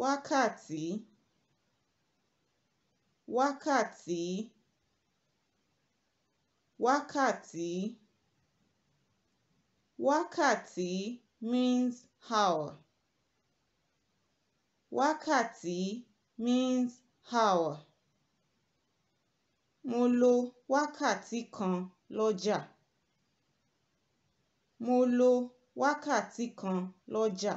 wákàtí wákàtí wákàtí wákàtí means hour wákàtí means hour mo lo wákàtí kan lọ́jà mo lo wákàtí kan lọ́jà